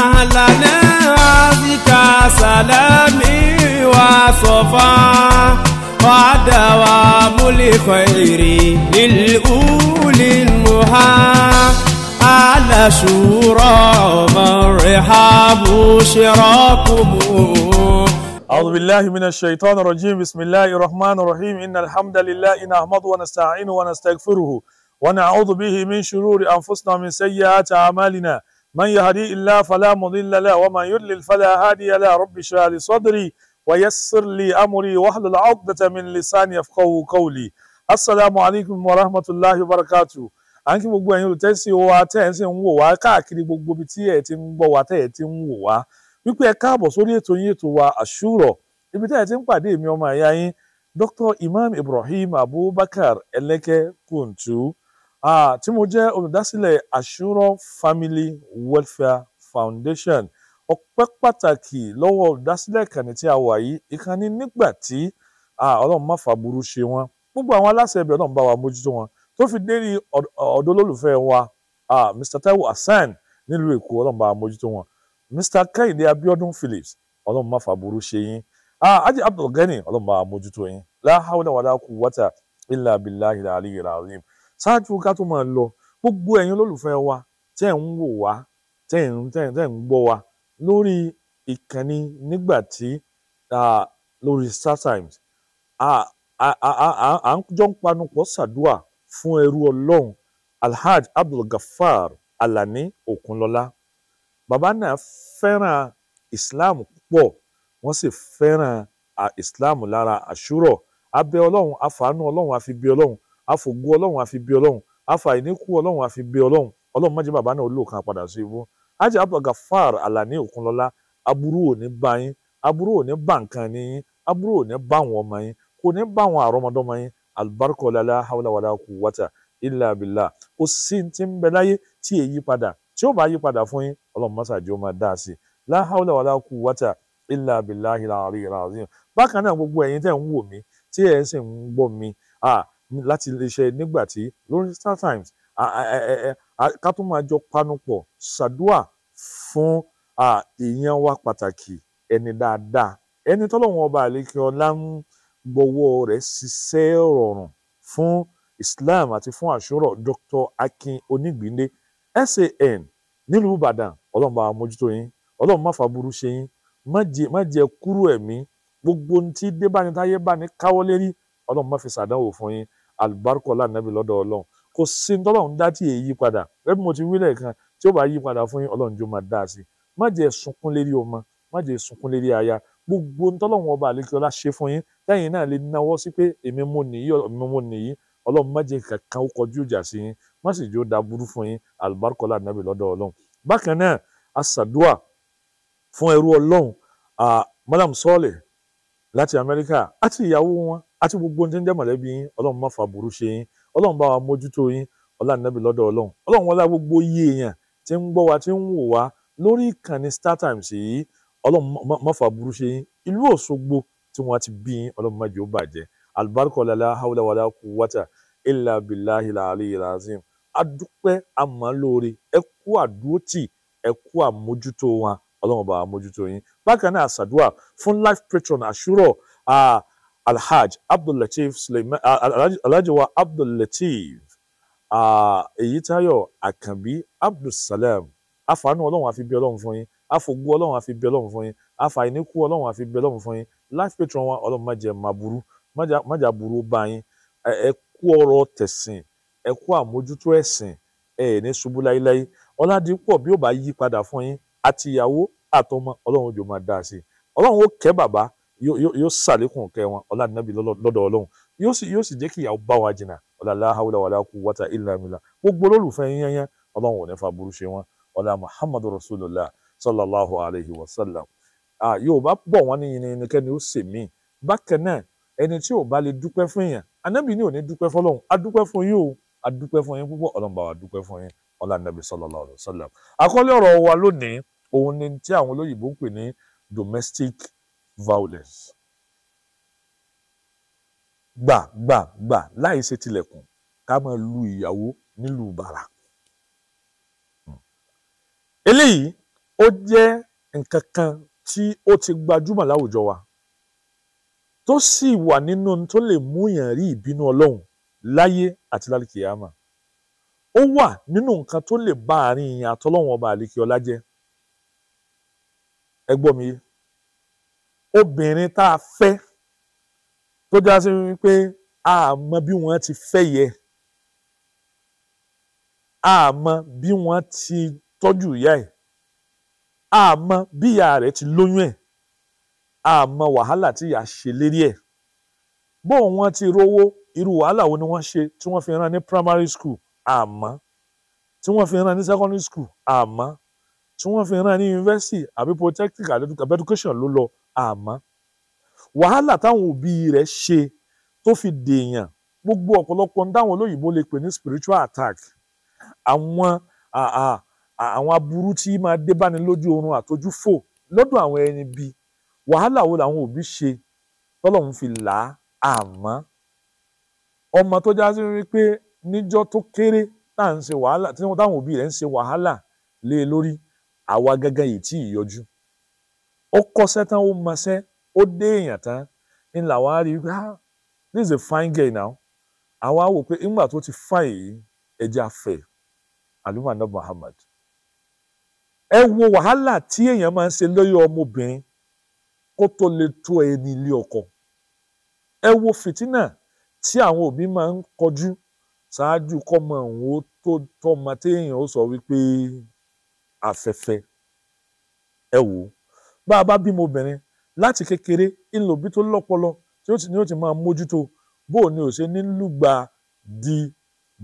أهلا بك سلامي وصفا ودوام الخير للأولي المها على شورى مرحب شراكم أعوذ بالله من الشيطان الرجيم بسم الله الرحمن الرحيم إن الحمد لله نحمده ونستعينه ونستغفره ونعوذ به من شرور أنفسنا من سيئات أعمالنا من يهدي الله فلا مضل له ومن يضلل فلا هادي له رب اشرح لي صدري ويسر لي امري واحلل عقدة من لساني يفقهوا قولي السلام عليكم ورحمة الله وبركاته ń kí gbogbo ẹ̀yin olùtẹ́sí wa tẹ́ ẹ̀ ń sì ń wò wá káàkiri gbogbo ibi tí ẹ̀ ti ń gbọ́ wa tẹ́ ẹ̀ ti ń wò wá wípé ẹ káàbọ̀ sórí ètò yín ètò wa àṣùrọ̀ ibi tẹ́ ẹ̀ ti ń pàdé èmi ọmọ ẹ̀yà yín Dr. Imam Ibrahim Abubakar Eleke Kuntu Ah, tí mo jẹ́ olùdásílẹ̀ àṣúrọ̀ family welfare foundation ọpẹ́ pàtàkì lọ́wọ́ olùdásílẹ̀ ìkànnì tí a wà yìí ìkànnì nígbà tí ọlọ́run má fàbúrú ṣe wọn gbogbo àwọn aláṣẹ ẹbí ọlọ́run bá wa mójútó wọn tó fi dérí ọ̀dọ́ olólùfẹ́ wa mr taiwo hasan nílùú èkó ọlọ́run bá wa mójútó wọn mr kẹ́hìndé abiodun phillips ọlọ́run má fàbúrú ṣe yín ajé abdulgani ọlọ́run bá wa mójútó yín la hawla wala quwwata illa billahi al-aliyyil azim ṣáájú ká tó máa lọ gbogbo ẹ̀yin olólùfẹ́ wa tẹ́ ń wò wá tẹ́ ń tẹ́ ń gbọ́ wa lórí ìkànnì nígbà tí lórí StarTimes à ń jọ ń panupọ̀ ṣàdúà fún ẹrú ọlọ́run Alhaji Abdulgafar Alani Okunlọlá bàbá náà fẹ́ràn Islam púpọ̀ wọ́n sì fẹ́ràn Islam lára àṣúrọ̀ abẹ́ ọlọ́run afàánú ọlọ́run àfi bí ọlọ́run àfògo ọlọ́run àfi bí ọlọ́run àfàìníkù ọlọ́run àfi bí ọlọ́run ọlọ́run má jẹ́ bàbá náà olóò kan padà sí ibú ájá abdulgafar alani òkunlọ́lá aburú ò ní bá yín aburú ò ní bá nǹkan ní yín aburú ò ní bá àwọn ọmọ yín kò ní bá àwọn àrọ́mọdọ́mọ yín alibarika ọ̀làlá hawlawàlá kù wọ́tà ilà abilà kò sí ti ń bẹ láyé tí èyí padà tí ó bá yí padà fún yín ọlọ́run mọ́sàájú ó máa dá a sí lá hawlawàlá kù wọ́tà ilà abilà ilà àríyìn bákan náà gbogbo ẹ̀yin tẹ́ ń wò mí tí ẹ̀ sì ń gbọ́ mi láti iléeṣẹ́ nígbà tí lórí Star Times ká tó máa jọ panupọ̀ ṣàdúà fún èèyàn wa pàtàkì ẹni dáadáa ẹni tọ́lọ́wọ́n ọba àlékè ọlá ń gbọ́wọ́ rẹ̀ ṣiṣẹ́ rọrùn fún Islam àti fún àṣúrọ̀ Dr. Akin Onígbìndé SAN nílùú Ìbàdàn ọlọ́run bá mójútó yín ọlọ́run má fàbúrú ṣe yín má jẹ kúrú ẹ̀mí gbogbo ohun tí débánitáyé bá ní káwọ́ lérí ọlọ́run má ṣàdánwò fún yín àlùbáríkọ lànàbí lọ́dọ̀ ọlọ́run kò sí ní tọ́lọ́run dá tí èyí padà bẹ́ẹ̀ bí mo ti wí lẹ́ẹ̀kan tí ó bá yí padà fún yín ọlọ́run jó máa dá a sí má jẹ́ sunkún lérí ọmọ má jẹ́ sunkún lérí aya gbogbo ní tọ́lọ́run ọba àlekíọ́lá ṣe fún yín lẹ́yìn náà lè náwó sí pé èmi mo nìyí èmi mo nìyí ọlọ́run má jẹ́ kankan ó kọjú ìjà sí yín má sì jó da burú fún yín àlùbáríkọ lànàbí lọ́dọ̀ ọlọ́run madam sọ́ọ̀lẹ̀ láti amẹ́ríkà àti ìyàwó wọn àti gbogbo ohun tí ń jẹ́ mọ̀lẹ́bí yín ọlọ́run má fa burú ṣe yín ọlọ́run bá wa mójútó yín ọlá nàbì lọ́dọ̀ ọlọ́run ọlọ́run wọlá gbogbo iye èèyàn tí ń gbọ́ wa tí ń wò wá lórí ìkànnì StarTimes yìí ọlọ́run má fa burú ṣe yín ìlú Òṣogbo tí wọ́n ti bí yín ọlọ́run má jẹ́ ó bàjẹ́ alibarikọlá la hawla wàlá quwwata illa billahi aliyil azim adúpẹ́ àmàlóore ẹ kú àdúrótì ẹ kú àmójútó wa ọlọ́run bá wa mójútó yín bákan náà àṣàdúrà fún life patron àṣúrọ̀ alhaj abdullateef suleiman alhaji wa abdullateef èyítayọ àkànbí abdulsalam àfààní ọlọ́run àfi bí ọlọ́run fún yín àfògbó ọlọ́run àfi bí ọlọ́run fún yín àfàìníkù ọlọ́run àfi bí ọlọ́run fún yín life patron wa ọlọ́run má jẹ́ má burú má jà burú bá yín ẹ kú ọ̀rọ̀ tẹ̀sìn ẹ kú àmójútó ẹ̀sìn ẹ ẹ ní ṣubú láíláí ọládìpọ̀ bí ó bá yí padà fún yín àtìyàwó àtọmọ ọlọ́run jò máa dáa sí ọlọ́run ó kẹ́ bàbá yóò sàlékún ọ̀kẹ́ wọn ọlá nàbí lọ́dọ̀ ọlọ́run yóò sì yóò sì jẹ́ kí ìyàwó bá wa jìnnà ọlá aláhàwọlá wàlá kú wọ́tà ìlàmìlà gbogbo olólùfẹ́ yẹnyẹn ọlọ́run ò ní fa burú ṣe wọn ọlá muhammadu rasulullah sallallahu alayhi wa sallam yorùbá bọ̀ wọ́n ní yìnyínkẹ́ni ó sì mí bákan náà ẹni tí ò bá lè dúpẹ́ fún èèyàn anábì ní ò ní dúpẹ́ fọlọ́run a dúpẹ́ fún yín o a dúpẹ́ fún yín púpọ̀ ọlọ́run bá wa dúpẹ́ fún violence gbà gbà gbà láì ṣe tilẹ̀kùn ká máa lu ìyàwó nílùú bàrà hmm. eléyìí ó jẹ́ nǹkan kan tí ó ti gbajúmọ̀ láwùjọ wa tó sì wà nínú tó lè mú yàn rí ìbínú ọlọ́run láyé àti lálùkìyàmà ó wà nínú nǹkan tó lè bá àárín yàn àtọ́lọ́run ọba àlekí ọlá jẹ́ ẹ gbọ́ mi yé obìnrin tá a fẹ́ tó já sí wípé a mọ bí wọ́n ti fẹ́ yẹ a mọ bí wọ́n ti tọ́jú ìyá ẹ̀ a mọ bí ìyá rẹ̀ ti lóyún ẹ̀ a mọ wàhálà tí ìyá ṣe lérí ẹ̀ bó wọ́n ti rówó irú wàhálà wo ni wọ́n ṣe tí wọ́n fi rán ní primary school àmọ́ tí wọ́n fi rán ní secondary school àmọ́ tí wọ́n fi rán ní university àbí polytechnic àbí education ló lọ àmọ́ wàhálà táwọn òbí rẹ̀ ṣe tó fi dèèyàn gbogbo ọ̀pọ̀lọpọ̀ ń olóyìnbó lè pè ní spiritual attack àwọn àwọn aburú tí máa dé báni lójú oorun àtojúfò lọ́dọ̀ àwọn ẹni bí wàhálà wo làwọn òbí ṣe tọ́lọ́run fi là á àmọ́ ọmọ tó já sí wípé níjọ́ tó kéré tá à ń ṣe wàhálà tí wọ́n táwọn òbí rẹ̀ ń ṣe wàhálà lé e lórí àwa gangan yìí tí ì yọjú. ó kọ́ṣẹ́ tán ó mọṣẹ́ ó dé èèyàn tán ń là wá rí ah this is a fine girl now àwa wò pé ti fine yìí ẹja fẹ́ Muhammad ẹ wo wàhálà tí èèyàn máa ń ṣe lórí ọmọbìnrin kó tó lè tó ẹni ilé ọkọ wo fìtínà tí àwọn òbí máa ń kọjú ṣáájú òun ó tó téèyàn ó sọ wípé bá a bá bímọ obìnrin láti kékeré ńlọbí tó lọ́pọlọ tí ó ti ní ó ti máa mójútó bó o ní o ṣe ní lùgbà di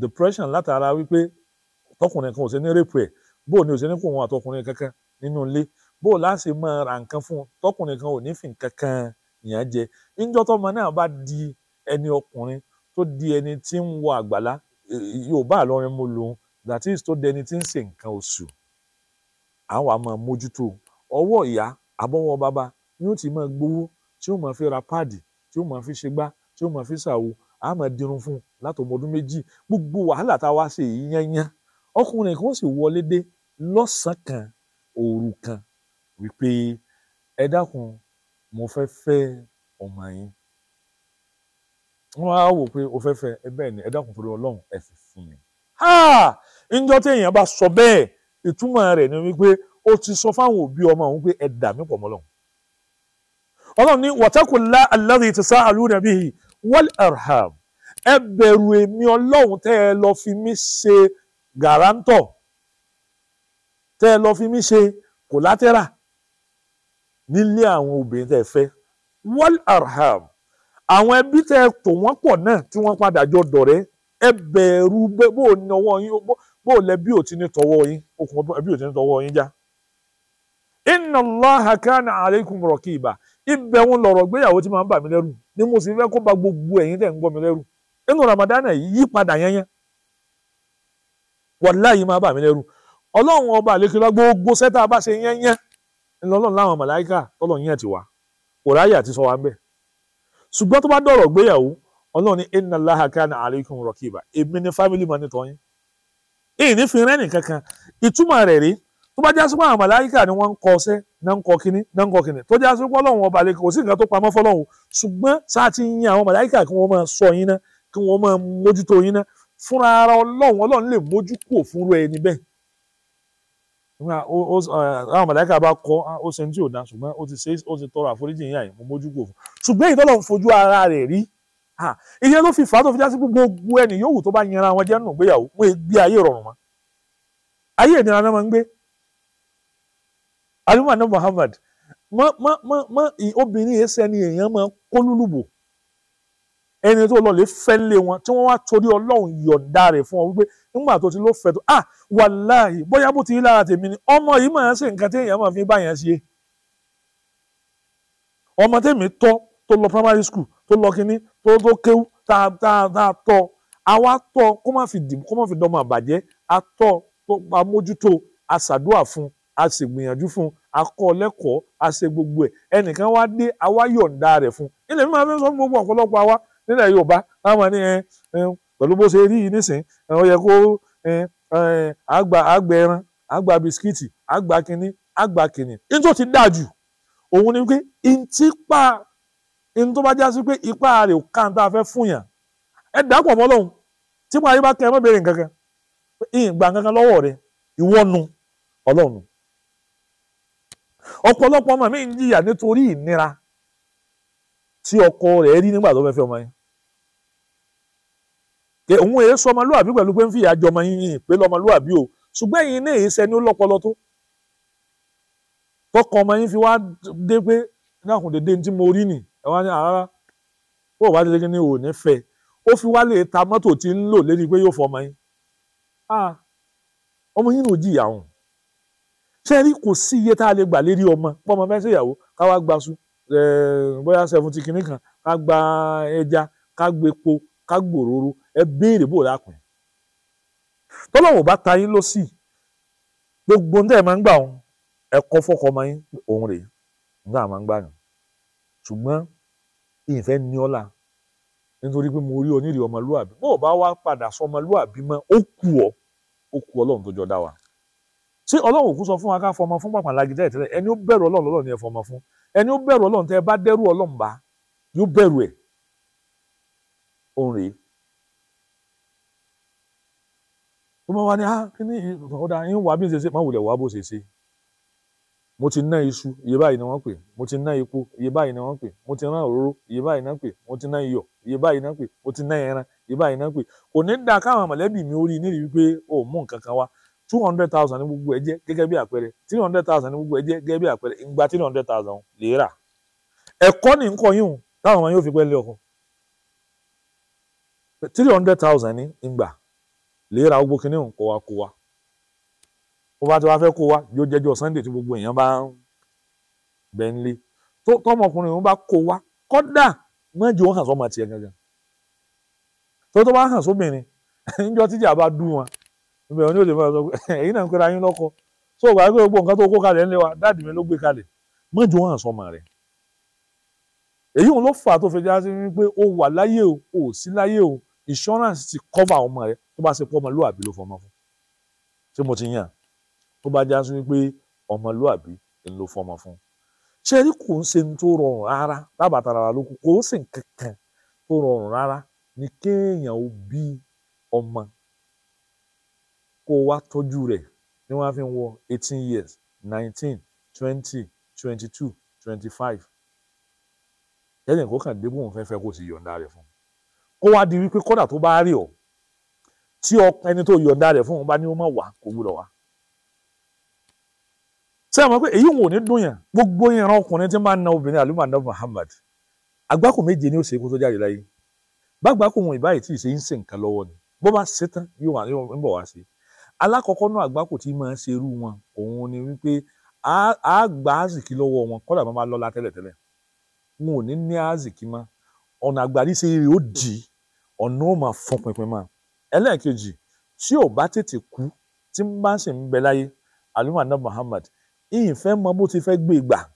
depression látara wípé tọkùnrin kan ò ṣe ní rape ẹ bó o ní o ṣe ní kó wọn àtọkùnrin kankan nínú ilé bó o láṣẹ máa ra nǹkan fún un tọkùnrin kan ò ní fi nǹkan kan yàn jẹ níjọ́ tọmọ náà bá di ẹni ọkùnrin tó di ẹni tí ń wọ àgbàlá yóò bá àlọrin mo lòun that is tó di ẹni tí ń ṣe nǹkan oṣù àwọn àmọ́ mójútó ọwọ́ ìyá àbọ̀wọ̀ bàbá yóò ti máa gbowó tí ó máa fi ra páàdì tí ó máa fi ṣe gbá tí ó máa fi ṣàwo a máa dirun fún un látọmọ ọdún méjì gbogbo wàhálà tá a wá ṣe yìí yányán ọkùnrin kan sì wọlé dé lọ́sàn-án kan òru kan wípé ẹ dákun mo fẹ́ fẹ́ ọmọ yín wọ́n á wò pé o fẹ́ fẹ́ ẹ bẹ́ẹ̀ ni ẹ dákun torí ọlọ́run ẹ sì fún mi. ǹjọ́ tí èèyàn bá sọ bẹ́ẹ̀ ìtumọ̀ rẹ̀ ni wípé ó ti sọ fáwọn òbí ọmọ òun pé ẹ dà mí pọ̀ mọ́ lọ́hùn ọlọ́run ní wọ̀tẹ́kùnlá alladhi tasa'aluna bihi wal arham ẹ bẹ̀rù èmi ọlọ́run tẹ́ ẹ lọ fi mí ṣe gàrántọ̀ tẹ́ ẹ lọ fi mí ṣe kòlátẹ́rà nílé àwọn obìnrin tẹ́ ẹ fẹ́ wal arham àwọn ẹbí tẹ́ ẹ tò wọ́n pọ̀ náà tí wọ́n padà jọ dọ̀rẹ́ ẹ bẹ̀rù bó o náwó yín bó o lẹ́bí ò ti ní tọwọ́ yín okùn ẹbí ò ti ní tọwọ́ yín já. inna allaha kana aleikum rọkìbà ibẹ̀ ń lọ̀rọ̀ gbéyàwó tí máa ń bà mí lẹ́rù ni mo sì fẹ́ kó ba gbogbo ẹ̀yin tẹ̀ ń gbọ́ mi lẹ́rù inú ramadana yìí yí padà yẹnyẹn wàláyé máa bà mí lẹ́rù ọlọ́run ọba àlekèlá gbogbo sẹ́tà bá ṣe yẹnyẹn ńlọ́lọ́run láwọn màláìkà tọ́lọ̀ yẹn ti wá òráyà ti sọ wá ń bẹ̀ ṣùgbọ́n tó bá dọ̀rọ̀ gbéyàwó ọlọ́run ní inna allaha kana aleikum rọkìbà èmi ni family monitor yín ìní fi rẹ́nì kankan ìtumọ̀ rẹ̀ rèé tó bá jásí pé àwọn màláyíkà ni wọ́n ń kọ ọsẹ́ náà ń kọ kínní náà ń kọ kínní tó jásí pé ọlọ́run ọba lè kò sí nǹkan tó pamọ́ fọlọ́run ṣùgbọ́n sáà ti yin àwọn màláyíkà kí wọ́n máa ṣọ́ yín náà kí wọ́n máa mójútó yín náà fúnra ara ọlọ́run ọlọ́run lè mójú kúrò fúnra ẹni bẹ́ẹ̀. àwọn màláyíkà bá kọ ah, ó ṣe tí ò dá ṣùgbọ́n ó ti ṣe ó ti tọrọ àforíjì yín àyè mo mójú kúrò fún ṣùgbọ́n èyí alima na Muhammad ma ma ma, mọ obìnrin yẹn sẹni èèyàn máa kó lùlùbò ẹni tó lọ lè fẹ́ lé wọn tí wọ́n wá torí ọlọ́run yọ̀ǹda rẹ̀ fún ọ wípé nígbà tó ti ló fẹ́ tó ah wàláhì bóyá bó ti rí lára tèmi ni ọmọ yìí máa ń ṣe nǹkan tí èèyàn máa fi bá yẹn ṣe ọmọ tèmi tọ́ tó lọ primary school tó lọ kínní tó tó kéwú tá tá tá tọ́ àwa tọ́ kó má fi dìbò kó má fi dọ́mọ àbàjẹ́ atọ́ tó pa mójútó aṣàdúà fún a sì gbìyànjú fún un a kọ́ lẹ́kọ̀ọ́ a ṣe gbogbo ẹ̀ ẹnìkan wá dé a wá yọ̀ǹda rẹ̀ fún un ilẹ̀ mi máa fẹ́ sọ fún gbogbo ọ̀pọ̀lọpọ̀ àwa nílẹ̀ Yorùbá láwọn ní pẹ̀lú bó ṣe rí yìí nísìn ó yẹ kó àgbà àgbà ẹran àgbà bisikíìtì àgbà kínní àgbà kínní ní tó ti dáa jù òun ni pé n tí pa n tó bá já sí pé ipá rẹ̀ ò kàn tá fẹ́ fún yàn ẹ dàpọ̀ mọ́ lọ́hùn tí mo ayé bá kẹ́ ẹ má béèrè nǹkan kan ìgbà kankan lọ́wọ́ rẹ̀ ìwọ́nu ọlọ́run ọ̀pọ̀lọpọ̀ ọmọ mi ń jìyà nítorí ìnira tí ọkọ rẹ̀ rí nígbà tó fẹ́ fẹ́ ọmọ yẹn kẹ òun èé sọ ọmọlúwàbí pẹ̀lú pé ń fìyà jọ ọmọ yín yìí pé lọ́mọlúwàbí o ṣùgbọ́n ẹ̀yin ní èyí sẹni ó lọ́pọlọ tó tọkàn ọmọ yín fi wá dé pé dákun dédé tí mo rí nì ẹ wá ní àrárá ó wá dédé ní òní fẹ ó fi wá lè ta mọ́tò tí ń lò lérí pé yóò fọ ọmọ yín ọmọ yín ò jìyà ọ̀hún ṣé rí kò sí iye tá a lè gbà lérí ọmọ pọ́nmọ fẹ́ ṣèyàwó ká wá gba su eh, bóyá seventy kìíní kan ká gba ẹja ká gbépo ká gbòòrò ẹ béèrè bò lápẹ́ tọ́lọ́wọ́ bá ta yín lọ sí gbogbo ní ẹ̀ máa ń gbà wọn ẹ̀kọ́ fọ́kọ́ ọmọ yín òun rèé nígbà máa ń gbà yàn ṣùgbọ́n ìfẹ́ ní ọ́la nítorí pé mo rí onírìí ọmọlúwàbí bó o bá wá padà sọ ọmọlúwàbí mọ́ ó kù ọ́ ó kù Ọlọ́run tó jọ dá wa. si ọlọ́run kú sọ fún wa ká fọmọ fún pàpà lagidá ìtẹ́lẹ̀ ẹni ó bẹ̀rù ọlọ́run lọ́lọ́ ni ẹ fọmọ fún ẹni ó bẹ̀rù ọlọ́run tẹ́ ẹ bá dẹ́rù ọlọ́run bá yóò bẹ̀rù ẹ̀ òun rèé. ó máa wá ní ah kí ni ọ̀dà yín wà bí n ṣe ṣe má wulẹ̀ wà bó ṣe ṣe mo ti ná iṣu iye báyìí ni wọ́n pè mo ti ná epo iye two hundred thousand ní gbogbo ẹ jẹ́ gẹ́gẹ́ bí àpẹẹrẹ three hundred thousand ní gbogbo ẹ jẹ́ gẹ́gẹ́ bí àpẹẹrẹ ìgbà three hundred thousand lè rà ẹ̀kọ́ ní nǹkan yìí hùn táwọn ọmọ yóò fi pẹ́ lé ọkọ three hundred thousand ní ìgbà lè ra gbogbo kinní hùn wa kó wa ó bá ti wá fẹ́ kó wa yóò jẹ́jọ́ Sunday tí gbogbo èèyàn bá ń bẹ́ ń lé tọmọkùnrin òun bá kó wa kọ́dà mọ́jú ó hàn sọ́mọ tiẹ̀ gangan tó tó bá hàn sóbìnrin níjọ́ tíjà bá dùn wọn ibẹ̀ wọn ni ó lè máa sọ ẹ̀yin náà ń pera yín lọ́kọ so wàá gbé gbogbo nǹkan tó kó kalẹ̀ ńlẹ̀ wa dáàdì mi ló gbé kalẹ̀ mọ́jú wọn àsọmọ rẹ̀ èyí òun ló fà tó fi já sí wípé o wà láyé o o sí láyé o insurance ti cover ọmọ rẹ tó bá ṣe pé ọmọlúwàbí ló fọmọ fún ṣé mo ti yàn tó bá já sí wípé ọmọlúwàbí ló fọmọ fún ṣé rí kò ń ṣe ní tó rọrùn rárá lábàtàrà wa lóko kò ń ṣe nǹkan tó rọrùn rárá ni kéèyàn ó bí ọmọ kó o wá tọ́jú rẹ̀ ni wọ́n fi ń wọ eighteen years nineteen twenty twenty two twenty five ẹnìyàn kó kàn dé bóun fẹ́ fẹ́ kó o sì yọ̀ǹda rẹ̀ fún un kó wá di wípé kódà tó bá rí ọ tí ẹni tó yọ̀ǹda rẹ̀ fún un bá ní ó má wà kó gbúdọ̀ wá ṣé àwọn pé èyí wọn ní dùn gbogbo ìran ọkùnrin tí máa ń na obìnrin àlùmọ́ àná Muhammad agbáko méje ni ó ṣe kó tó jáde láyé bá agbáko wọn ìbáyìí tí ì ṣe ń ṣe nǹkan lọ́wọ́ ni bó bá ṣe tán yóò wà ń bọ̀ wá sí i alákọ̀ọ́kọ́ náà àgbákò tí máa ń ṣerú wọn òun ni wípé a gba azìkí lọ́wọ́ wọn kọ́dà máa máa lọ́la tẹ́lẹ̀tẹ́lẹ̀ wọn ò ní ní azìkí mọ́ ọ̀nà àgbàdì ṣe eré ó dì í ọ̀nà ó máa fọn pinpin mọ́ ẹlẹ́ẹ̀kejì tí ò bá tètè kú tí ń bá sì ń bẹ láyé alimana Muhammad ìyìnfẹ́ mọ bó ti fẹ́ gbé ìgbà e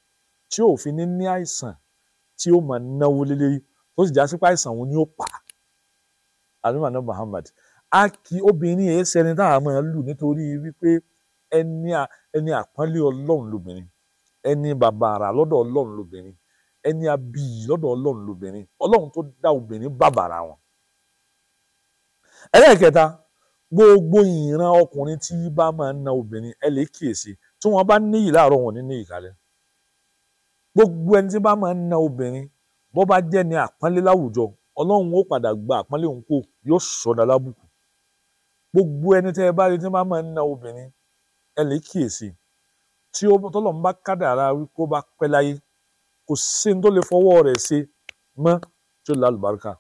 tí ò fi ní ní àìsàn tí ó máa náwó lélẹ́rí tó sì já sí àìsàn òun ni ó pa alimana Muhammad a kì obìnrin yẹn sẹni tá a máa lù nítorí wípé ẹni ẹni àpọ́nlé ọlọ́run lóbìnrin ẹni bàbàrà lọ́dọ̀ ọlọ́run lóbìnrin ẹni abiyì lọ́dọ̀ ọlọ́run lóbìnrin ọlọ́run tó dá obìnrin bàbàrà wọn. ẹlẹ́ẹ̀kẹta gbogbo ìran ọkùnrin tí bá máa na obìnrin ẹ lè kíyèsí tí wọ́n bá níyì láàárọ̀ wọn ní níyì kálẹ̀ gbogbo ẹni tí bá máa na obìnrin bó bá jẹ́ ni àpọ́nlé láwùjọ ọlọ́run ó padà gba àpọ́nlé òun kò yóò sọ̀dà lábùkù gbogbo ẹni tẹ́ ẹ bá rí tí wọ́n máa ń na obìnrin ẹ lè kíyèsí tí ó tọ́lọ̀ ń bá kádàrá kó bá pẹ́ láyé kò sí ní tó lè fọwọ́ rẹ̀ ṣe mọ́ tí ó lè alùbáríkà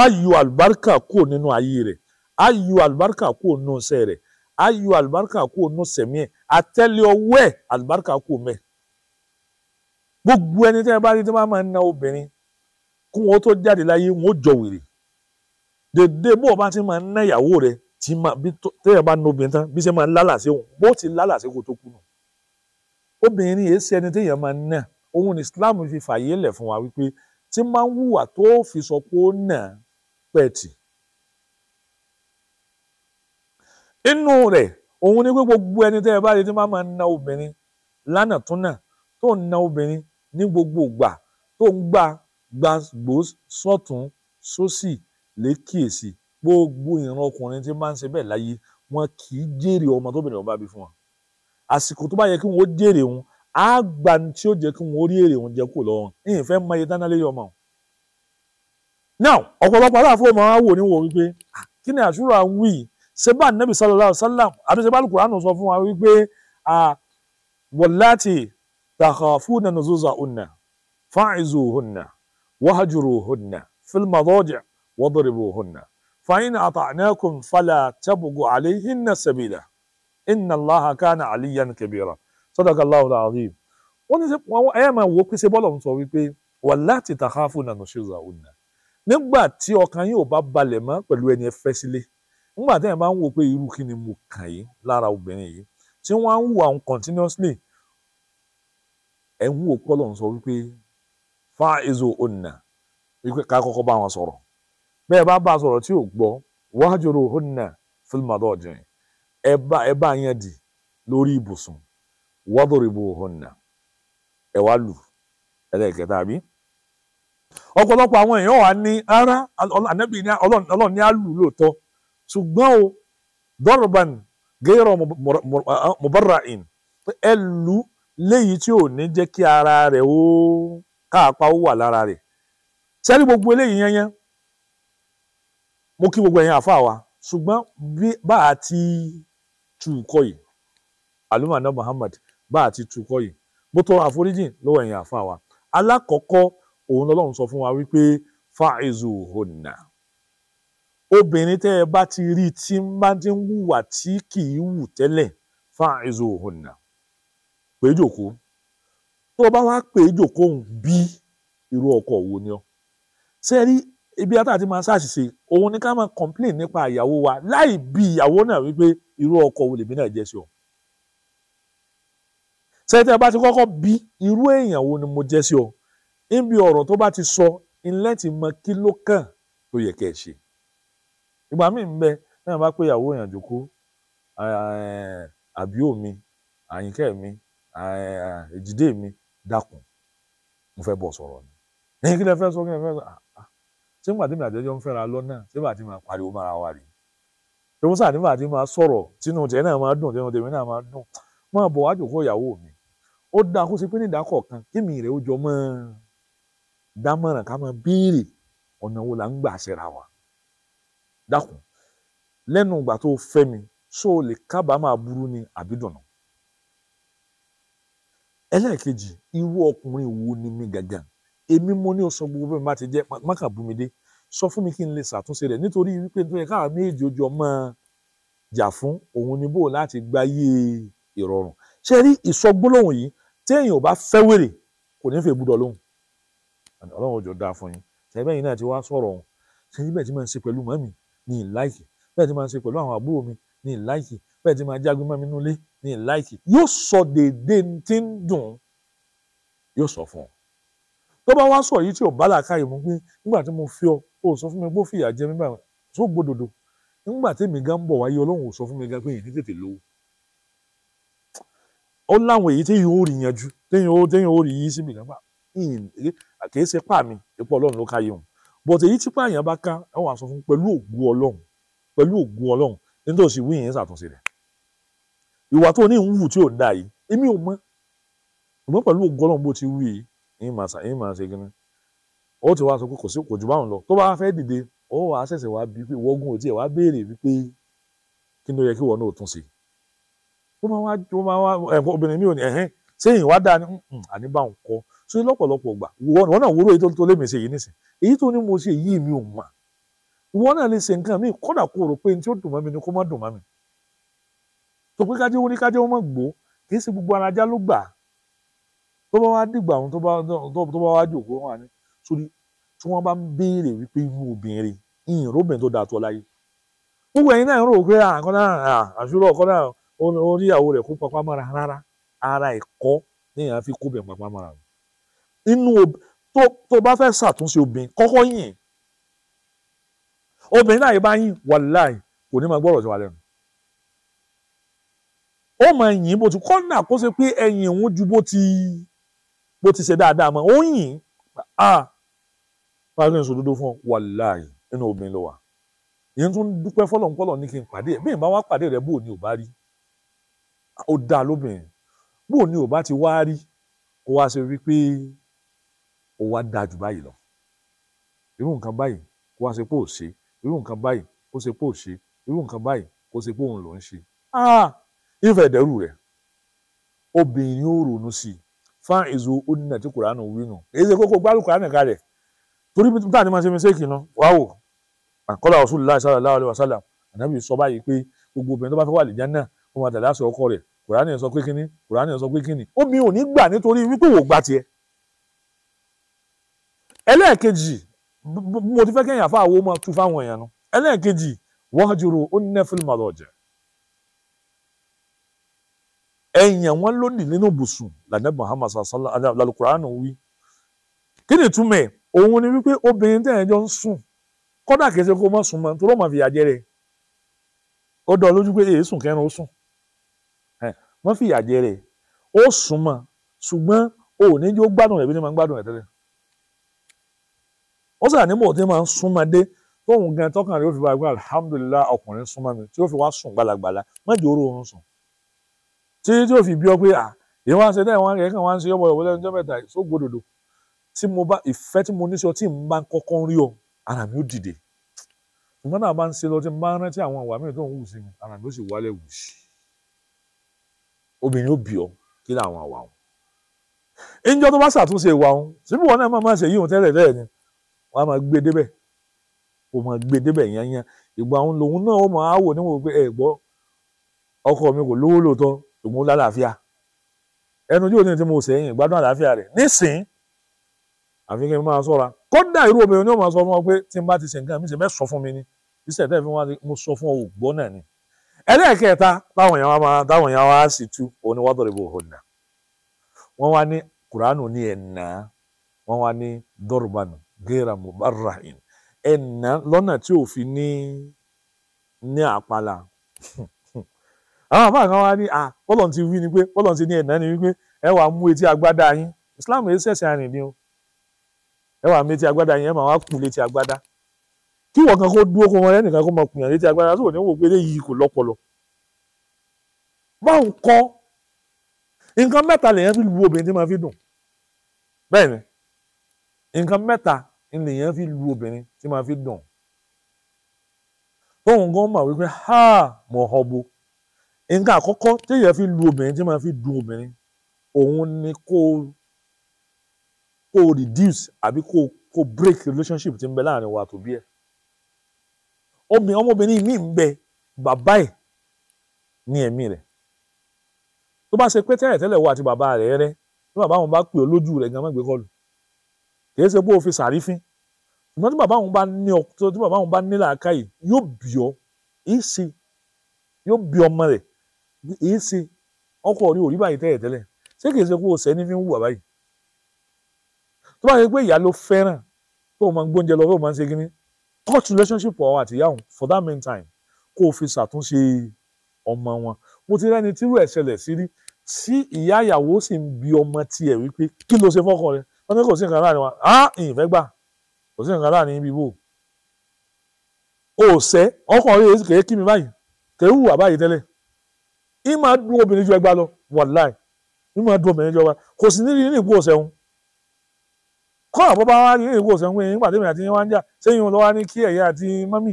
á yọ alùbáríkà kúrò nínú ayé rẹ̀ á yọ alùbáríkà kúrò nínú iṣẹ́ rẹ̀ á yọ alùbáríkà kúrò nínú sẹ̀mí ẹ̀ àtẹ́lẹ̀ ọwọ́ ẹ̀ alùbáríkà kúrò mẹ́ gbogbo ẹni tẹ́ ẹ bá rí tí wọ́n máa ń na obìnrin kó wọn tó jáde láyé wọn jọ wèrè dèdè bó o bá ti máa ń ná ìyàwó rẹ tí máa bí téèyàn bá nóbi tán bí ṣe máa ń lálàsí òun bó ti lálàsí kò tó kú nù obìnrin yìí ṣe ẹni téèyàn máa ń ná òun ni Islam fi fàyè lẹ̀ fún wa wípé tí máa ń hùwà tó fi sọ pé ó nà pẹ̀tì inú rẹ̀ òun ni pé gbogbo ẹni tẹ́ ẹ bá rí tí máa máa obìnrin lánàá tún náà tó ń na obìnrin ní gbogbo ìgbà tó ń gbà gbàgbó sọ́tún sósì. So si lẹ́kìyèsí gbogbo ìran ọkùnrin tí máa ń ṣe bẹ́ẹ̀ láyé wọn kì í jèrè ọmọ tóbìnrin ọba bí fún wọn àsìkò tó bá yẹ kí wọn ó jèrè wọn á gbà tí ó jẹ kí wọn ó rí èrè wọn jẹ kó lọ wọn ìyẹn fẹ́ máa yẹ dáná lé ọmọ wọn. now ọ̀pọ̀lọpọ̀ aláàfo máa wò ní wò wípé kí ni àṣùrọ̀ àwọn wí sẹ́bà nẹ́bí sallallahu sallam àdúṣe báàlù kùránù sọ fún wa wípé wallati takhafuna nuzuzahunna fa'izuhunna wahjuruhunna fil madaji' وضربوهن فإن أطعناكم فلا تبغوا عليهن سبيلا إن الله كان عليا كبيرا صدق الله العظيم wọ́n ní sẹ́ wọ́n ẹ̀ máa wo pèsè bọ́ọ̀lù sọ wípé wà láti tàkáfù nànà ṣùgbọ́n àwọn ọ̀nà nígbà tí ọkàn yóò bá balẹ̀ mọ́ pẹ̀lú ẹni ẹ sílé nígbà tí ẹ̀ máa ń wò pé irú kí ni mo kàn yìí lára obìnrin yìí tí wọ́n á ń wò àwọn continuously ẹ̀ ń wò pọ́ọ̀lù sọ wípé fa ezo ọ̀nà wípé ká kọ́kọ́ bá wọn sọ̀rọ̀ bẹ́ẹ̀ bá bá a sọ̀rọ̀ tí ò gbọ́ wájúrò hona fílmàdọ́jìn ẹ bá ẹ bá yẹn dì lórí ibùsùn wọ́dọ̀rìbò hona ẹ wá lù ẹlẹ́ẹ̀kẹta àbí. ọ̀pọ̀lọpọ̀ àwọn èèyàn wà ní ara ànábì ní ọlọ́run ní àlù lóòótọ́ ṣùgbọ́n o dọ́rọ̀bàn ẹ lù léyìí tí ò ní jẹ́ kí ara rẹ̀ ó káàpá mo kí gbogbo ẹ̀yin àfa wa ṣùgbọ́n bá a ti tu kọ́ yìí alumana muhammad bá a ti tu kọ́ yìí mo tọrọ àforíjì lọ́wọ́ ẹ̀yin àfa wa alákọ̀ọ́kọ́ òun lọ́lọ́run sọ fún wa wípé faizu hona obìnrin tẹ́ ẹ bá ti rí tí máa ti ń hùwà tí kì í hù tẹ́lẹ̀ faizu hona pé jòkó tó o bá wá pé jòkó ń bí irú ọkọ wo ni ọ ṣe ibi ata àti máa ṣàṣìṣe òun ni ká máa complain nípa ìyàwó wa láì bí ìyàwó náà wípé irú ọkọ wo lèmi náà jẹ́ sí ọ. sẹ́tẹ̀ bá ti kọ́kọ́ bí irú èèyàn wo ni mo jẹ́ sí ọ níbi ọ̀rọ̀ tó bá ti sọ ilé ti mọ kí ló kàn tó yẹ kẹ́ ẹ ṣe. ìgbà míì ń bẹ náà bá pé ìyàwó èèyàn jòkó àbíò mi àyìnkẹ́ mi èjìdé mi dákun mo fẹ́ bọ̀ sọ̀rọ̀ ni. ẹ̀yin kí lẹ fẹ́ sọ kí lẹ fẹ́ sọ ṣé nígbà tí mi àtẹ́jọ́ ń fẹ́ra lọ́nà ṣé bàá ti máa pariwo mára wa rèé ṣòwò sáà nígbà tí máa sọ̀rọ̀ tínú tẹ̀ náà máa dùn tínú tèmi náà máa dùn máa bọ̀ wájú kó ìyàwó mi ó dáa kó ṣe pé ní ìdákọ̀ kan kíni rẹ̀ ó jọ mọ́ dámọ̀ràn ká máa béèrè ọ̀nà wo là ń gbà ṣera wa dákun lẹ́nu ìgbà tó fẹ́ mi ṣó o lè kábàámà burú ni àbí dùnà ẹlẹ́ẹ̀kejì irú ọkùnrin wo ni mi gàgàn èmi mo ní o sọ gbogbo bẹ́ẹ̀ bá ti jẹ́ má kàn bú mi dé sọ fún mi kí n lè ṣàtúnṣe rẹ̀ nítorí wípé nítorí káà méjì ojú ọmọ jà fún òun ni bò láti gbáyé ìrọ̀rùn ṣe rí ìsọgbólóhùn yìí téèyàn ò bá fẹ́ wèrè kò ní fẹ́ gbúdọ̀ lóhùn ọlọ́run òjò dáa fún yín ṣe bẹ́ẹ̀ yín náà ti wá sọ̀rọ̀ ọ̀hún ṣe bẹ́ẹ̀ ti máa ń ṣe pẹ̀lú mọ́mì ní ìláìkì bẹ́ẹ̀ ti máa ń ṣe pẹ̀lú àwọn àbúrò mi ní ìláìkì bẹ́ẹ̀ ti máa jágbe mọ́ nulẹ̀ ní ìláìkì yóò sọ déédéé tí ń dùn yóò sọ fún ọ tó bá wá sọ yìí tí ò bá làákàyè mú pé nígbà tí mo fi ọ o sọ fún mi pé fìyà jẹ mí báyìí tó gbódòdó nígbà tí èmi gan ń bọ̀ wáyé ọlọ́run ò sọ fún mi gan pé èyí ní tètè lówó ó láwọn èyí téyìn ó rí yanjú téyìn ó téyìn ó rí yí sí mi nígbà kìí ṣe pa mi ipò ọlọ́run ló káyé òun bọ̀tẹ̀ èyí tí pààyàn bá ká ẹ wà sọ fún pẹ̀lú ògùn ọlọ́run pẹ̀lú ògùn ọlọ́run nítorí ìmàṣà ìmàṣà gíní ó ti wá sọ pé kò sí kò jù báwọn lọ tó bá fẹ́ dìde ó wàá ṣẹ̀ṣẹ̀ wá bíi pé wọ́gùn òtí ẹ̀ wá béèrè wípé kí ló yẹ kí wọ́n náà tún ṣe ó máa wá ó máa wá ẹ̀fọ́ obìnrin mi ò ní ẹ̀hẹ́n sẹ́yìn wá dáa ní àníbáwọn kọ́ so lọ́pọ̀lọpọ̀ gbà wọ́n náà wúrò èyí tó lè mi ṣe yìí nísìn èyí tó ní mo ṣe yìí mi ò mà wọ́n náà lè ṣe nǹkan mi kódà kó rò pé ní tí ó dùn mọ́ mi ni kó má dùn mọ́ mi tó pé kájẹ́ ní kájẹ́ wọ́n mọ̀ kì í ṣe gbogbo ara ló gbà á tó bá wá dìgbà àwọn tó bá tó bá wá jòkó wọn àní sórí tí wọ́n bá ń béèrè wípé irú obìnrin ìyìn róbìnrin tó dáa tó láyé gbogbo ẹ̀yin náà ń rò pé àkọ́ náà àṣúrò ọkọ náà oníyàwó rẹ̀ kó papá mọ́ra rárá ara ẹ̀kọ́ níyàn fi kó bẹ̀ papá mọ́ra inú tó bá fẹ́ ṣàtúnṣe obìnrin kọ́kọ́ yìn obìnrin náà yìí bá yìn wàláì kò ní máa gbọ́rọ̀ sí wa lẹ́nu ó máa yìn bó ti kọ́nà kó ṣe pé ẹ̀yìn òun ju bó ti bó ti ṣe dáadáa mọ́ ó ń yìn á parí ní sòdodo fún ọ wàláì inú obìnrin ló wà ìyẹn tún dúpẹ́ fọlọ́nkọlọ́ ní kí n pàdé ẹ̀ bí ìbá wá pàdé rẹ̀ bò ní ò bá rí ó dáa lóbìnrin bò ní ò bá ti wá rí kó wá ṣe wípé ó wá dáa jù báyìí lọ irú nǹkan báyìí kó wá ṣe pé ò ṣe irú nǹkan báyìí kó ṣe pé ò ṣe irú nǹkan báyìí kó ṣe pé òun ló ń ṣe ah ìfẹ̀dẹ̀rù rẹ̀ obìnrin ó ronú sí i fáwọn èso onínà tí kùránù wí nù èyí ṣe kókó gbárù kùránù kalẹ̀ torí bíi táwọn ṣe mistake náà wá wò àkọlà Rasulullah sallallahu alaihi wasallam ànábì sọ báyìí pé gbogbo obìnrin tó bá fẹ́ wà l'Àlùjánnà ó máa tẹ̀lé àṣẹ ọkọ rẹ̀ kùránì sọ pé kíní kùránì sọ pé kíní ó mi ò ní gbà nítorí wípé wò gbà tiẹ̀ ẹlẹ́ẹ̀kejì mo ti fẹ́ kẹ́yìn àfa àwo máa tu fáwọn èèyàn nu ẹlẹ́ẹ̀kejì wahjuru unnafil madaji ẹ̀yàn wọn lónìí nínú ibùsùn lànà Muhammad sàlá alukuraanu wí kí ni túmọ̀ ẹ̀ òun ni wípé obìnrin tẹ̀yẹ̀ jọ ń sùn kọ́dà kìí kó má sùn mọ́ torí ó máa fìyà jẹ rẹ̀ ó dán lójú pé èyí sùn kẹrin ó sùn wọ́n fi rẹ̀ ó sùn ṣùgbọ́n o ò ní jó gbádùn rẹ̀ bí ní máa ń gbádùn rẹ̀ tẹ́lẹ̀ ó sàn gan tọkàn rẹ̀ ó fi gbé alhamdulillah ọkùnrin tí yóò fi bí ọ pé à èyí wá ń ṣe wọn ṣe ọmọ ìwọlẹ́ ọjọ́ mẹ́ta ìṣògbòdòdò tí mo bá ìfẹ́ tí mo ní sọ tí n bá kọ́kọ́ rí ọ ara mi ó dìde ṣùgbọ́n náà máa ń ṣe lọ tí n bá rántí àwọn àwà mìíràn tó ń wù sí mi ara mi ó sì wálẹ̀ wù sí obìnrin ó bì ọ kí ni àwọn àwà wọn. ìjọ tó bá ṣàtúnṣe ìwà wọn síbí wọn náà máa máa ṣe yíwọn ṣùgbọ́n ó lálàáfíà ẹnu tí òní tí mo sẹ́yìn gbádùn àlàáfíà rẹ̀ nísìn àfi kí n máa ṣọ́ra kódà irú obìnrin ni ó máa sọ fún ọ pé tí n bá ti ṣe nǹkan mi ṣe mẹ́sọ̀ fún mi ni iṣẹ́ tẹ́ fi wá mo sọ fún ọ ògbọ́ náà ni ẹlẹ́ẹ̀kẹta táwọn èèyàn wa táwọn èèyàn wa sì tú òní wọ́n dọ̀rọ̀ ìbò òhùnà wọ́n wá ní kuranu ní ẹ̀nà wọ́n wá ní dọ́rùbánu gẹ́ra mubarrahin ẹ̀nà lọ́nà tí òfin ní ní àpàlà àwọn àbá kan wá ní à bọ́lọ̀ ti wí ni pé bọ́lọ̀ ti ní ẹ̀dá ni wípé ẹ wàá mú etí agbádá yín Islam èyí sẹ̀sẹ̀ àrìn ni o ẹ wàá mú etí agbádá yín ẹ máa wá kù létí agbádá kí wọ́n kan kó dúró kó wọn ẹnìkan kó máa kùyàn létí agbádá tó ní wò pé eléyìí kò lọ́pọlọ. báwo kọ́ nǹkan mẹ́ta lèèyàn fi lu obìnrin tí máa fi dùn bẹ́ẹ̀ ni nǹkan mẹ́ta lèèyàn fi lu obìnrin tí máa fi dùn tóun gan mọ̀ wípé ha mọ̀ ọ́ bo nǹkan àkọ́kọ́ téèyàn fi lu obìnrin tí máa fi dun obìnrin òun ni kó kó reduce àbí kó kó break relationship tí ń bẹ láàrin wa àtòbí ẹ̀ obìnrin ọmọbìnrin mi ń bẹ bàbá ẹ̀ ní ẹ̀mí rẹ̀ tó bá ṣe pé tẹ́lẹ̀ tẹ́lẹ̀ wo àti bàbá rẹ̀ rẹ́ tí bàbá wọn bá pè ọ́ lójú rẹ̀ gan mọ́gbẹ́ kọlù kì í ṣe bó o fi sàrífín ṣùgbọ́n tí bàbá wọn bá ní ọ tí bàbá wọn bá ní làákàyè yóò bì ọ́ yìí yóò bí ọmọ rẹ̀ èé ṣe ọkọ rí òrí báyìí tẹ́lẹ̀ tẹ́lẹ̀ ṣé kìí ṣe pé o sẹ́ni fi ń wùwà báyìí tó bá yẹ pé ìyá ló fẹ́ràn tó o máa ń gbóúnjẹ lọ tó o máa ń ṣe kínní touch relationship ọ̀ àti ìyá òun for that main time kó o fi ṣàtúnṣe ọmọ wọn mo ti rẹ́ni tírú ẹ̀ ṣẹlẹ̀ sí rí tí ìyá ìyàwó sì ń bi ọmọ tiẹ̀ wípé kí ló ṣe fọ́kàn rẹ wọ́n ní kò sí nǹkan láàrin wa á ìyìnfẹ́ gbà kò sí nǹkan láàrin ibi bò ó sẹ́ ọkàn rẹ̀ kèé kí mi báyìí kèé hùwà báyìí tẹ́lẹ̀ í máa dùn obìnrin ju ẹgbàá lọ wàláì í máa dùn obìnrin ju ẹgbàá kò sì ní ní ìkú òsẹ̀hún kọ́ àbọ̀ bá wá ní ìkú òsẹ̀hún pé nígbà tèmi àti yín wá ń jà sẹ́yìn lọ́wọ́ ní kí ẹ̀yà àti mọ́mì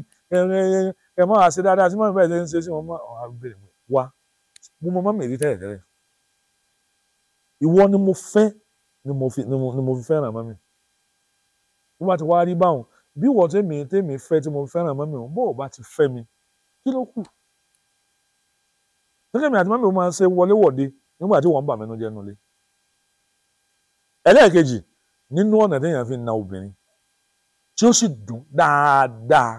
ẹ̀ mọ́ àṣẹ dáadáa tí mọ́mì bẹ́ẹ̀ lè ń ṣe sí wọn mọ́ àbẹ̀rẹ̀ wa mo mọ mọ́mì rí tẹ́lẹ̀ tẹ́lẹ̀ ìwọ ni mo fẹ́ ni mo fi ni mo fi fẹ́ràn mọ́mì bó bá ti wá rí báwọn bí ìwọ tèmi tèmi fẹ́ tí mo fẹ́ràn mọ́mì bó o bá ti fẹ́ mi kí ló kù gẹ́gẹ́ mi àti mọ́mí mi máa ń ṣe wọléwọ̀de nígbà tí wọ́n ń bà mẹ́nu jẹ́ nulẹ̀ ẹlẹ́ẹ̀kejì nínú ọ̀nà téèyàn fi ń na obìnrin tí ó sì dùn dáadáa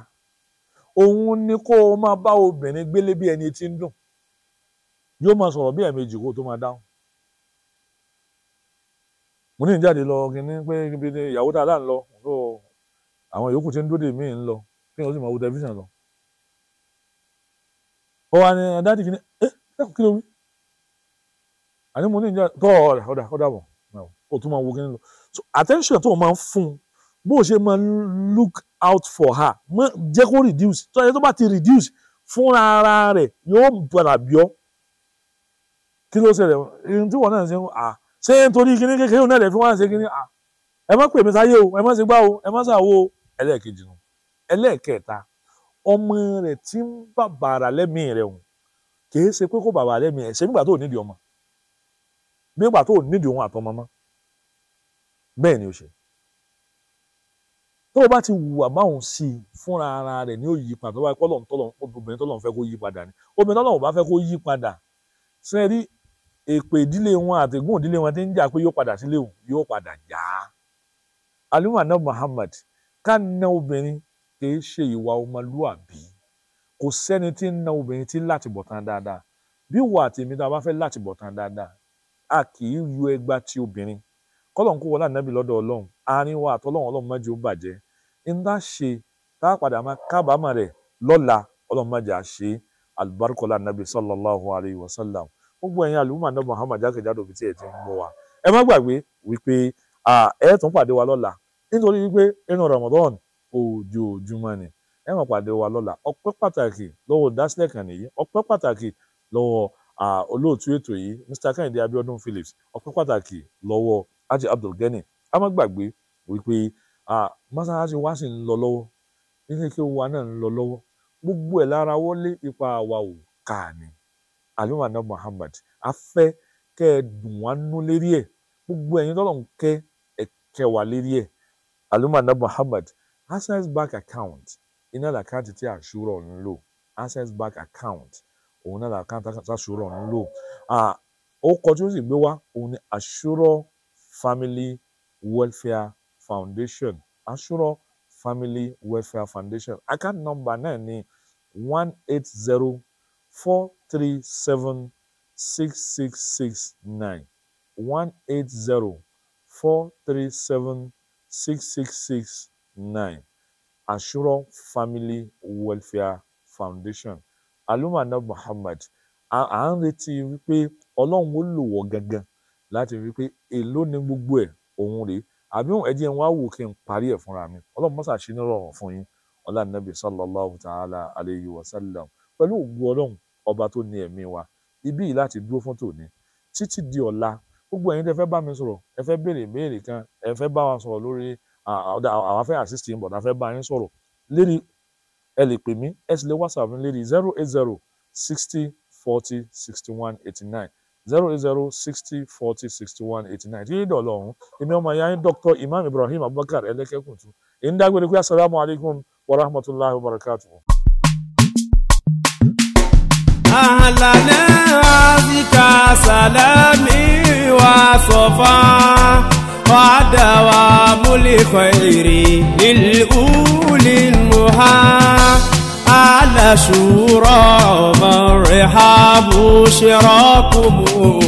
òun ni kó o máa bá obìnrin gbélé bí ẹni tí ń dùn yóò máa sọ̀rọ̀ bí ẹ̀ẹ̀mejì kó o tó máa dáhùn mo ní ìjáde lọ kíní pé ibi ni ìyàwó tá a dá ń lọ tó àwọn yòókù tí ń dúró dè mí ń lọ kí wọ́n sì máa wo tẹlifíṣàn lọ. ó wá ní kíní ẹ́ eh, ẹkùn kí ló wí àní mo ní ìjà tọ́ ọ̀dà ọ̀dà ọ̀dà bọ̀ kó tún máa wo kí ni lọ so attention tó o máa ń fún bó o ṣe máa look out for her jẹ́ kó reduce tó yẹ tó bá ti reduce fúnra ara rẹ̀ yóò padà bíọ́ kí ló ṣẹlẹ̀ ohun tí wọ́n náà ṣe ń à ṣé nítorí kíní kékeré náà lè fi wá ṣe kíní à ẹ má pè mí sáyé o ẹ má ṣe gbá o ẹ má ṣàwo o ẹlẹ́ẹ̀kejì nù ẹlẹ́ẹ̀kẹta ọmọ rẹ̀ ti ń bàbàrà lẹ́mìí rẹ̀ hùn kì í ṣe pé kó bàbá lẹ́mìí ẹ̀ ṣe nígbà tó nídìí ọmọ nígbà tó nídìí òun àtọmọ mọ́ bẹ́ẹ̀ ni ó ṣe tó o bá ti wùwà báwọn sí i fúnra ara rẹ̀ ní òyì padà tó bá kọ́ obìnrin tọ́lọ́n fẹ́ kó yí padà ni obìnrin tọ́lọ́n ò bá fẹ́ kó yí padà ṣe rí èpè ìdílé wọn àtẹ̀gùn ìdílé wọn ti ń jà pé yóò padà sílé òun yóò padà jà á alimọ̀ Muhammad ká ná obìnrin kì ṣe ìwà ọmọlúwàbí kò sẹ́ni tí ń na obìnrin tí láti bọ̀ tán dáadáa bí wà tèmi tá a bá fẹ́ láti bọ̀ tán dáadáa a kì í yọ ẹgba ti obìnrin kọ́lọ́n kó wọlé ànábì lọ́dọ̀ ọlọ́run àárín wa àtọ́lọ́run ọlọ́run májè bàjẹ́ ńlá ṣe tá a padà máa kábàámà rẹ̀ lọ́la ọlọ́run májè á ṣe alùbáríkọ́lá ànábì sallallahu alayhi wa sallam gbogbo ẹ̀yin àlùmọ́ àná Muhammad jákèjádò bíi tí ẹ̀ ti ń mú wa ẹ má gbàgbé wípé ẹ tún pàdé wa lọ́la nítorí wípé inú Ramadan ojoojúmọ́ ni ẹ máa pàdé wa lọ́la ọpẹ́ pàtàkì lọ́wọ́ olùdásílẹ̀ kan nìyí ọpẹ́ pàtàkì lọ́wọ́ olóòtú ètò yìí Mr. Kẹ́hìndé Abíọ́dún Phillips ọpẹ́ pàtàkì lọ́wọ́ Haji Abdulgani a má gbàgbé wípé mọ́sálásí wa sì ń lọ lọ́wọ́ ilé kí wa náà ń lọ lọ́wọ́ gbogbo ẹ̀ lára wọlé ipa wa ò kà ní alimana Muhammad afẹ́ kẹ́ ẹ dùn wá nú lérí ẹ̀ gbogbo ẹ̀yin tọ́lọ̀ ń kẹ́ ẹ̀ kẹ́ wa lérí ẹ̀ alimana Muhammad access bank account iná làkáǹtì tí àṣùrọ̀ ń lò access bank account òun náà làkáǹtì tí àṣùrọ̀ ń lò ó kọ tí ó sì gbé wá òun ni àṣùrọ̀ family welfare foundation àṣùrọ̀ family welfare foundation account number náà ni one eight zero four three seven six six six nine one eight zero four three seven six six six nine. Ashura Family Welfare Foundation. Halima Nab Muhammad à ń retí wípé Ọlọ́run ó lò wọ́ gangan láti wípé èló ni gbogbo ẹ̀ òun rèé àbí òun ẹ̀jẹ̀ wọn wò kí n parí ẹ̀ fúnra mi Ọlọ́run mọ́sà ṣe ní rọrùn fún yín ọlá nàbì sallallahu ta'ala alayhi wa sallam pẹ̀lú ògùn Ọlọ́run ọba tó ní ẹ̀mí wa ibí yìí láti dúró fún tòní títí di ọ̀la gbogbo ẹ̀yin tẹ́ fẹ́ bá mi sọ̀rọ̀ ẹ fẹ́ béèrè ìbéèrè kan ẹ fẹ́ bá wa sọ̀rọ̀ lórí àwọn afẹ́ assist yín bọ̀dá fẹ́ bá yín sọ̀rọ̀ lérí ẹ lè pè mí ẹ sì lè whatsapp mi lérí zero eight zero sixty forty sixty one eighty nine zero eight zero sixty forty sixty one eighty nine títí dọ̀lọ́ ọ̀hún èmi ọmọ ìyá yín Dr. Imam Ibrahim Abubakar Ẹlẹ́kẹ́kùntù èyí ń dágbére pé asalaamu alaykum wa rahmatulahi wa barakatuhu. أهلا بك سلامي وصفا ودوام الخير للأول المحا على شورى مرحب شراكم